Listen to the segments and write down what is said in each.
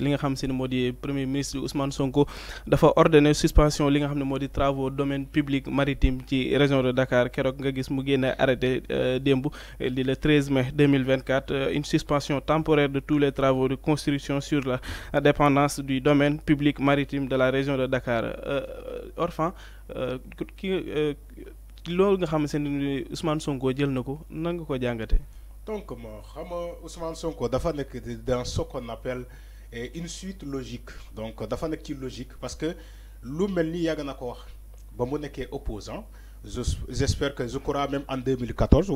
li nga xam premier ministre Ousmane Sonko dafa ordonné suspension li nga xam travaux domaine public maritime ci région de Dakar keroog nga gis mu arrêté euh, le 13 mai 2024 euh, une suspension temporaire de tous les travaux de construction sur la dépendance du domaine public maritime de la région de Dakar euh, Orphan ki loolu nga xamante Ousmane Sonko jël na ko ko jàngatee. donc xam Ousmane Sonko dafa nekk dans ce qu'on appelle et une suite logique donc dafa nekk logique parce que lu mel ni yàgg ko wax opposant j'espère que je crois même en 2014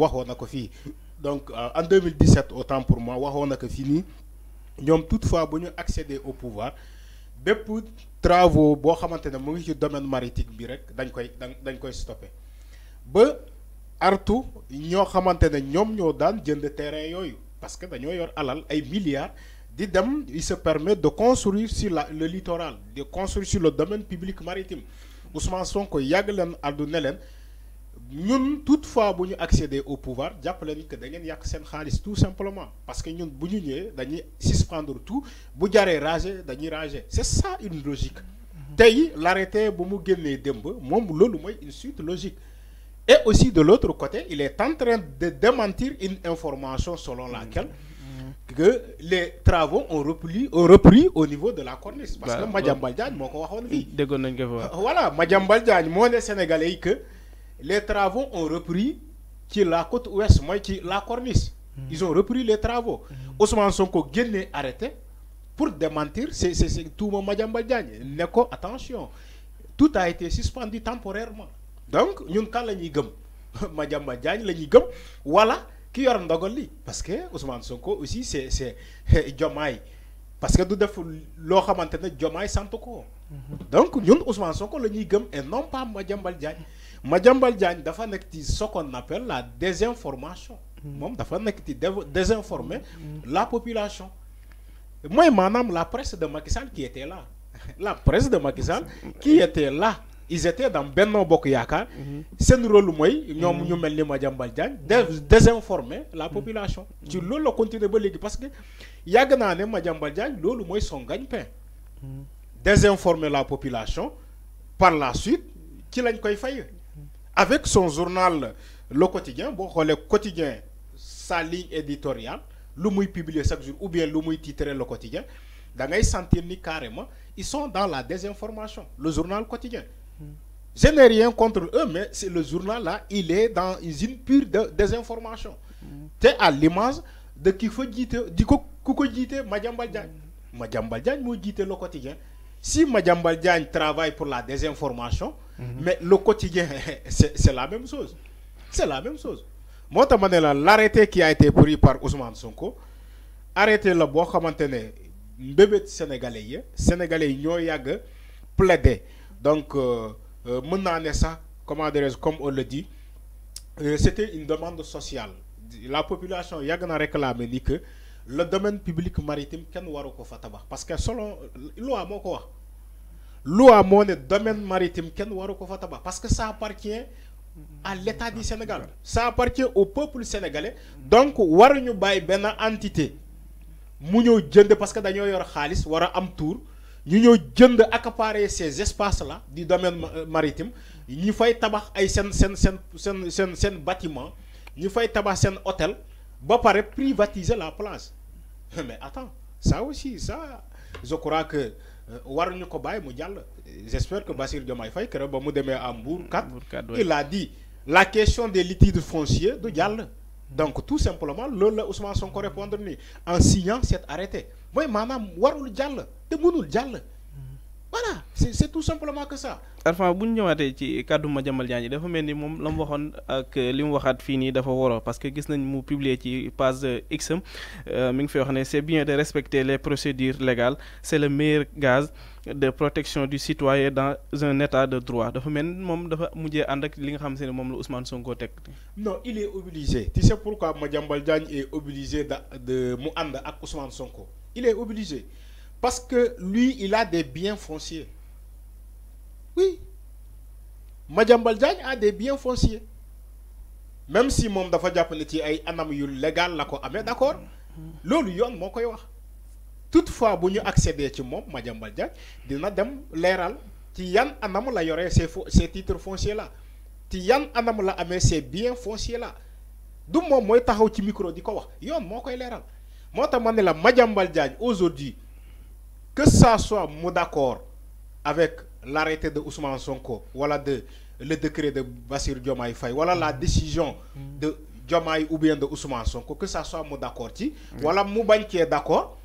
donc euh, en 2017 autant pour moi on na fini. fii nii toutefois accédé accéder au pouvoir les travaux boo xamante ne ngi ci domaine maritime bi rek dañ koy dañ koy stoppé ba artu ñoo xamante ne ñoom ñoo daan jënd terrain yooyu parce que dañoo yor alal ay D'idem, il se permet de construire sur le littoral, de construire sur le domaine public maritime. Ousmane Sonko que, leen nous ñun toutefois bu accéder au pouvoir nous leen que da ngeen yàq tout simplement parce que ñun bu ñu ñëwee suspendre tout bu rage rager dañuy rager c'est ça une logique. tey l'arrêté bu mu génnee démb moom loolu une suite logique. et aussi de l'autre côté il est en train de démentir une information selon laquelle que les travaux ont repris, au niveau de la cornice. parce bah, que bah, Madiambal Diagne moi, je suis fii. voilà Madiambal Diagne moi les Sénégalais que les travaux ont repris ci la côte ouest moi, qui la cornice. Hmm. ils ont repris les travaux. Hmm. Ousmane Sonko ont arrêté pour démentir c'est tout mon Madiambal Diagne attention tout a été suspendu temporairement donc nous, kan la ñuy gëm Madiambal Diagne gëm voilà. Qui parce que Ousmane Sonko aussi c'est c'est parce que def mhm. donc ñun Ousmane Sonko lañuy gëm et non pas Diagne Diagne dafa qu'on appelle la désinformation. mom mhm. dafa désinformer mhm. la population. Moi, la presse de Macky qui était là la presse de Macky qui était là ils étaient dans Benno Bokk C'est mhm. seen rôle mooy. ñoom mhm. ñu mel ni Madiambal Diagne désinformer la mhm. population. Tu loolu la continuer ba parce que yàgg naa ne le Diagne loolu mooy son gagne-pain. désinformer la population par la suite qui lañ koy fay. avec son journal Le Quotidien bon quotidien sa ligne éditoriale lu muy publier chaque jour ou bien lu titrer Le Quotidien da ngay sentir ni carrément ils sont dans la désinformation le journal quotidien. Je n'ai rien contre eux, mais c'est le journal-là, il est dans une pure de, désinformation. Tu à l'image de qui faut dire, du Kouko Djite, Madjambal Diagne. Madjambal Diagne, moi, Djite, le quotidien. Si Madjambal Diagne travaille pour la désinformation, mhm. mais le quotidien, c'est la même chose. C'est la même chose. Moi, l'arrêté qui a été pris par Ousmane Sonko, arrêté le bois, comment bébé sénégalais, sénégalais, ils ont plaidé. Donc, euh, euh, comment comme on le dit euh, c'était une demande sociale la population a réclamé que le domaine public maritime ken fa parce que selon loi moi, quoi wax loi moo domaine maritime ken fa parce que ça appartient à l'État du Sénégal ça appartient au peuple sénégalais donc waruñu bay une entité mu ñëw jënd parce que dañu yor xaliss wara am tour ñu ñëw jënd accaparer ces espaces là du domaine euh, maritime ñu fay tabax ay sen sen sen sen sen bâtiment ñu fay tabax un hôtel ba paré privatiser la place. mais attends ça aussi ça je crois que euh, waruñu ko Bay mu jall j'espère que Basir Diomaye Faye qui ba mu demee à Mbour 4 il a dit la question des litiges fonciers du jàll donc tout simplement le Ousmane Sonko répondre en signant cet arrêté mooy maanaam warul te voilà c'est est tout simplement que ça. Arfan bu ñu ñëwaatee ci kàddu Madiambal Diagne dafa melni mom lam la ak lim waxat waxaat dafa woro parce que gis nañ mu publier ci page X am euh, mi ngi fay wax né c'est bien de respecter les procédures légales C'est le meilleur gage de protection du citoyen dans un état de droit dafa mel mom dafa mujjé and ak li nga xam se mom la Ousmane Sonko tek non il est obligé tu sais pourquoi Madiambal Diagne est obligé de de mu and ak Ousmane Sonko il est obligé. Parce que lui, il a des biens fonciers. Oui. madame a des biens fonciers. Même si mon dafa jàpp ne ci ay anam légal d'accord Lolu lui moo koy wax toutefois bu ñu accéder ci moom Madiambal Diagne dina dem a ci yan anam la yoree ces ces titres fonciers là ci yan anam la amee ces biens fonciers là d'où moi, moi taxaw ci micro dit quoi? wax yoon moo Léral? Moi, moo tax la madame aujourd'hui que ça soit mot d'accord avec l'arrêté de Ousmane Sonko, voilà de, le décret de Bassir Diomaye Faye, voilà la décision de Diomaye ou bien de Ousmane Sonko, que ça soit mot d'accord, voilà Mouban qui est d'accord,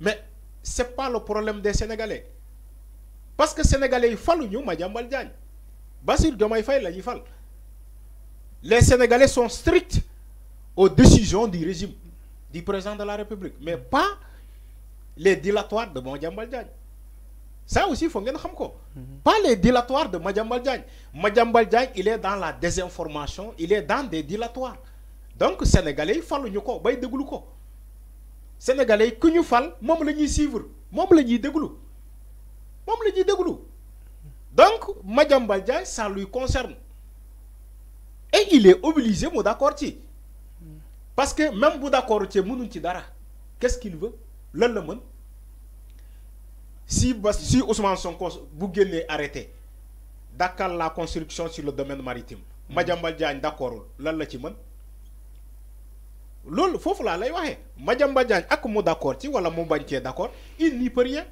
mais ce n'est pas le problème des Sénégalais. Parce que les Sénégalais, ils faut nous, Bassir Diomaye Faye, là, il faut. Les Sénégalais sont stricts aux décisions du régime, du président de la République, mais pas les dilatoires de Madjambal Diagne ça aussi il faut vous le ko mhm. pas les dilatoires de Madjambal Diagne Madjambal Diagne il est dans la désinformation il est dans des dilatoires donc sénégalais ils faluñu ko bay déglu ko sénégalais que ku le fal moom la suivre le la le donc Madiambal Diagne ça lui concerne et il est obligé de d'accord mhm. parce que même bu d'accord qu'est-ce qu'il veut lan la mën si ba si Ousmane Sonko bu génnee arrêté dakkal la construction sur le domaine maritime. Hmm. Madiambal Diagne d'accordul lan la ci mën loolu foofu laa lay waxee Madiambal Diagne ak mu d'accord ci wala mu bañ cee d'accord il n'y peut rien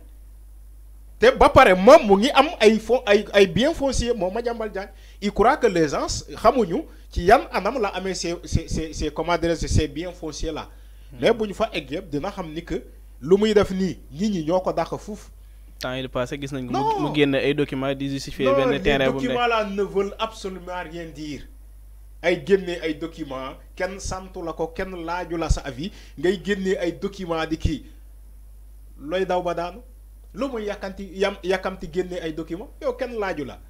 te ba pare moom mu ngi am ay fond ay ay bien foncier moom Madiambal Diagne il croit que les gens xamuñu ci yan anam la amee ces ces ces ces comment dirais-je ces biens foncier là hmm. mais bu ñu fa egg dina xam ni que lu muy def nii nit ñi ñoo ko dàq fuuf. temps yi passé gis nañ ko mu génn ay documents di justifier benn terrain bu mu document là ne veulent absolument rien dire ay génne ay documents kenn santu la ko kenn laaju la sa avis ngay génne ay documents di kii looy daw ba daanu lu muy yàkkanti yam yàkkamti génne ay documents yow kenn laaju la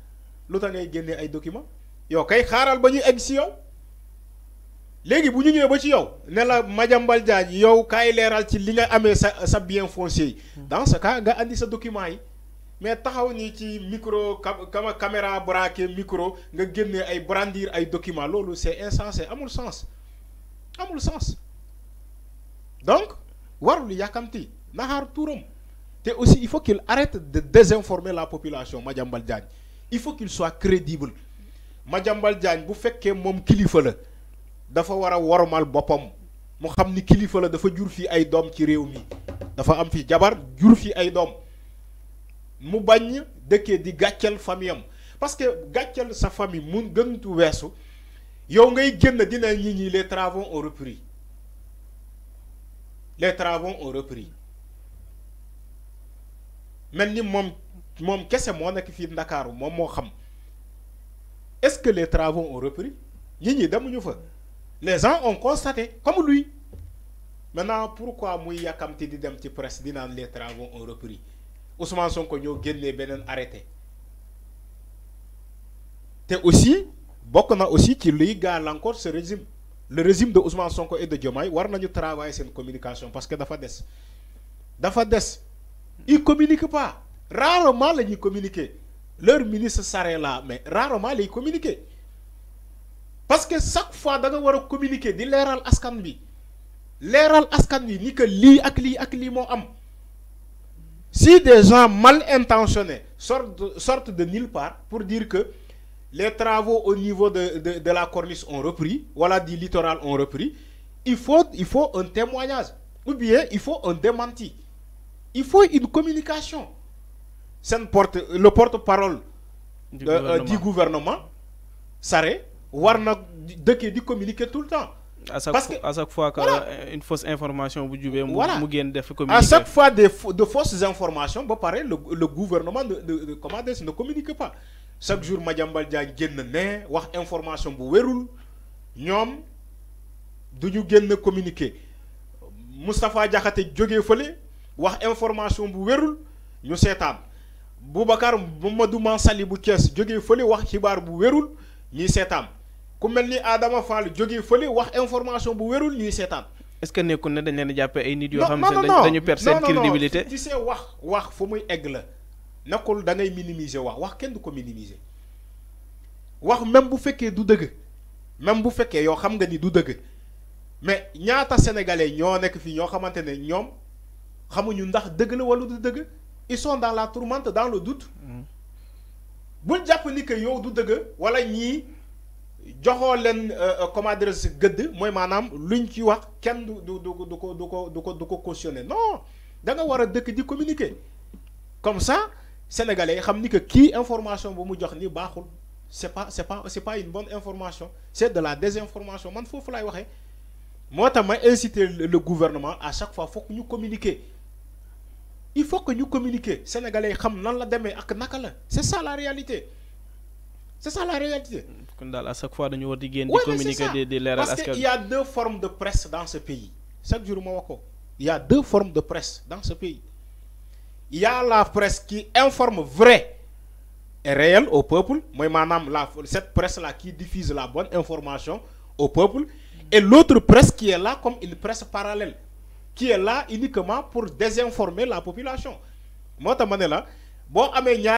lu tax ngay génne ay documents yow kay xaaral ba ñuy egg si yow léegi buñu ñu ñëwee ba ci yow né la Madiambal Diagne yow kay leeral ci li nga amé sa sa bien foncier hmm. dans ce cas nga andi sa document yi mais taxaw ni ci micro cam caméra braqué micro nga génné ay brandir ay document lolu c'est insensé amul sens amul sens donc warul yàkkamti nahar tuuram té aussi il faut qu'il arrête de désinformer la population Madjambal Diagne il faut qu'il soit crédible Madjambal Diagne bu féké mom kilifa la dafa war a woromal boppam mu xam ni kilifa la dafa jur fii ay doom ci réew mi dafa am fi jabar jur fii ay doom mu bañ dëkkee di gàccal famille am parce que gàccal sa famille mun gëntu weesu yow ngay génn dina ñi ñi les travaux ont repris les travaux ont repris mel ni moom moom kese moo nekk fii Ndakaaru moom moo xam est-ce que les travaux ont repris Yini ñi demuñu fa les gens ont constaté comme lui maintenant pourquoi Mouya Kamti di dem ci presse les travaux ont repris Ousmane Sonko ñoo a beneen arrêté Et aussi bokk a aussi lui gagne encore ce régime le régime de Ousmane Sonko et de Diomaye war nañu travailler la communication parce que dafa Dafades, dafa ne ils pas rarement ils communiquent. communiquer leur ministre s'arrête là mais rarement ils communiquent parce que chaque fois da nga communiquer di leral askan bi askan ni que li ak si des gens mal intentionnés sortent de, nulle part pour dire que les travaux au niveau de la corniche ont repris voilà, du littoral ont repris il faut il faut un témoignage ou bien il faut un démenti il faut une communication ne porte le porte-parole du, euh, euh, du gouvernement s'arrête war na di communiquer tout le temps. à chaque parce que à chaque fois que voilà. une fausse information bu jubee. voilà mu génn def communiquer. à chaque fois des de fausses informations ba pareil le le gouvernement de de de comment ne communique pas chaque jour Madiambal Diagne génn wax information bu wérul ñom duñu ñu communiquer Mustapha Diakhaté jógee feulé wax information bu wérul ñu seetaan Boubacar Mamadou Mansali bu Thiès jógee feulé wax xibar bu wérul ñi seetaan ku mel ni Adama Fall jógee fële wax information bu wérul ñuy seetaan. est-ce que nekkul ne dañ leen jàppee ay nit yoo xam ne dañu perdre seen crédibilité ci seen wax wax fu muy egg la nekkul da ngay minimiser wax wax kenn du ko minimiser wax même bu fekkee du dëgg même bu fekkee yoo xam nga ni du dëgg mais ñaata sénégalais ñoo nekk fi ñoo xamante ne ñoom xamuñu ndax dëgg la wala du dëgg ils sont dans la tourmente dans le doute mm. bul jàpp ni que yow du dëgg wala ñii joxoo leen euh, euh, comment dire si gëdd mooy maanaam luñ ci wax kenn du du du du ko du ko du ko du ko cautionner non da nga war a di communiquer comme ça sénégalais yi xam ni que kii information bu mu jox ni baaxul c'est pas c'est pas c'est pas une bonne information c'est de la désinformation man foofu laay waxee moo tax may inciter le gouvernement à chaque fois que ñu communiquer il faut que ñu communiquer sénégalais yi xam nan la demee ak naka la c'est ça la réalité c'est ça la réalité à parce il y a deux formes de presse dans ce pays chaque jour il y a deux formes de presse dans ce pays il y a la presse qui informe vrai et réel au peuple Moi, la cette presse là qui diffuse la bonne information au peuple et l'autre presse qui est là comme une presse parallèle qui est là uniquement pour désinformer la population Moi, tax là.